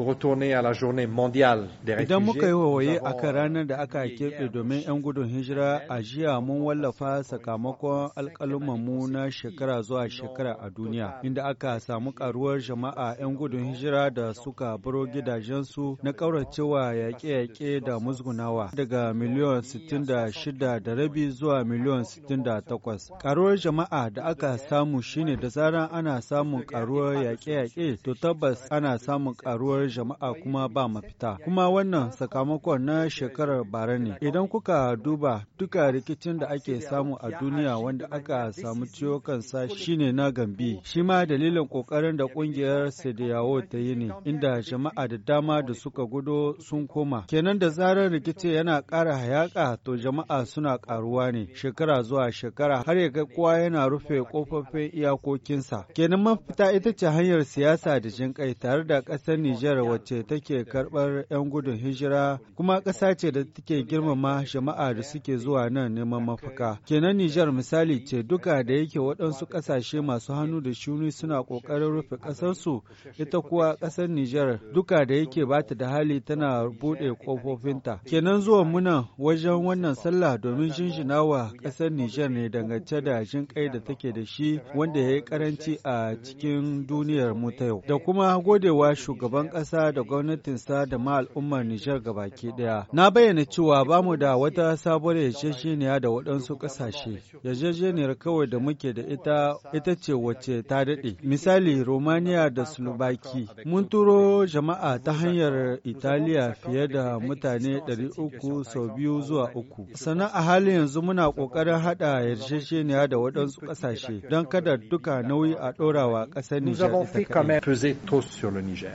Idan muka yi wawaye a kan ranar da aka keɓe domin 'yan gudun hijira a jiya mun wallafa sakamakon alƙalumanmu na shekara zuwa shekara a duniya, inda aka samu karuwar jama'a 'yan gudun hijira da suka baro gidajensu na ƙauracewa yaƙe-yaƙe da musgunawa daga miliyon 66 da rabi zuwa miliyon 68. Karuwar jama'a da aka samu shine da zarar ana samun karuwar yaƙe-yaƙe to tabbas ana samun karuwar rayuwar jama'a kuma ba mafita. Kuma wannan sakamakon na shekarar bara ne. Idan kuka duba duka rikicin da ake samu a duniya wanda aka samu ciwo kansa shine na gambi. Shi ma dalilin kokarin da kungiyar Sediyawo ta yi ne inda jama'a da dama da suka gudo sun koma. Kenan da zarar rikici yana ƙara hayaka to jama'a suna ƙaruwa ne shekara zuwa shekara har ya ga kowa yana rufe kofofin iyakokinsa. Kenan mafita ita ce hanyar siyasa da jinkai tare da ƙasar Nijar ƙasar wacce take karbar 'yan gudun hijira kuma ƙasa ce da take girmama jama'a da suke zuwa nan neman mafaka. Kenan Nijar misali ce duka da yake waɗansu ƙasashe masu hannu da shuni suna ƙoƙarin rufe ƙasarsu ita kuwa ƙasar Nijar duka da yake bata da hali tana buɗe ƙofofinta. Kenan zuwa muna wajen wannan sallah domin jinjina wa Nijar ne dangance da kai da take da shi wanda ya yi ƙaranci a cikin duniyar mu ta yau. Da kuma godewa shugaban ƙasa ƙasa da gwamnatinsa da ma al'ummar Nijar gabaki ɗaya. Na bayyana cewa ba mu da wata sabuwar yarjejeniya da waɗansu ƙasashe. Yarjejeniyar kawai da muke da ita ita ce wacce ta daɗe. Misali Romania da Slovaki. Mun turo jama'a ta hanyar Italiya fiye da mutane ɗari uku sau biyu zuwa uku. Sannan a halin yanzu muna ƙoƙarin haɗa yarjejeniya da waɗansu ƙasashe don kada duka nauyi a ɗorawa ƙasar Nijar le Niger.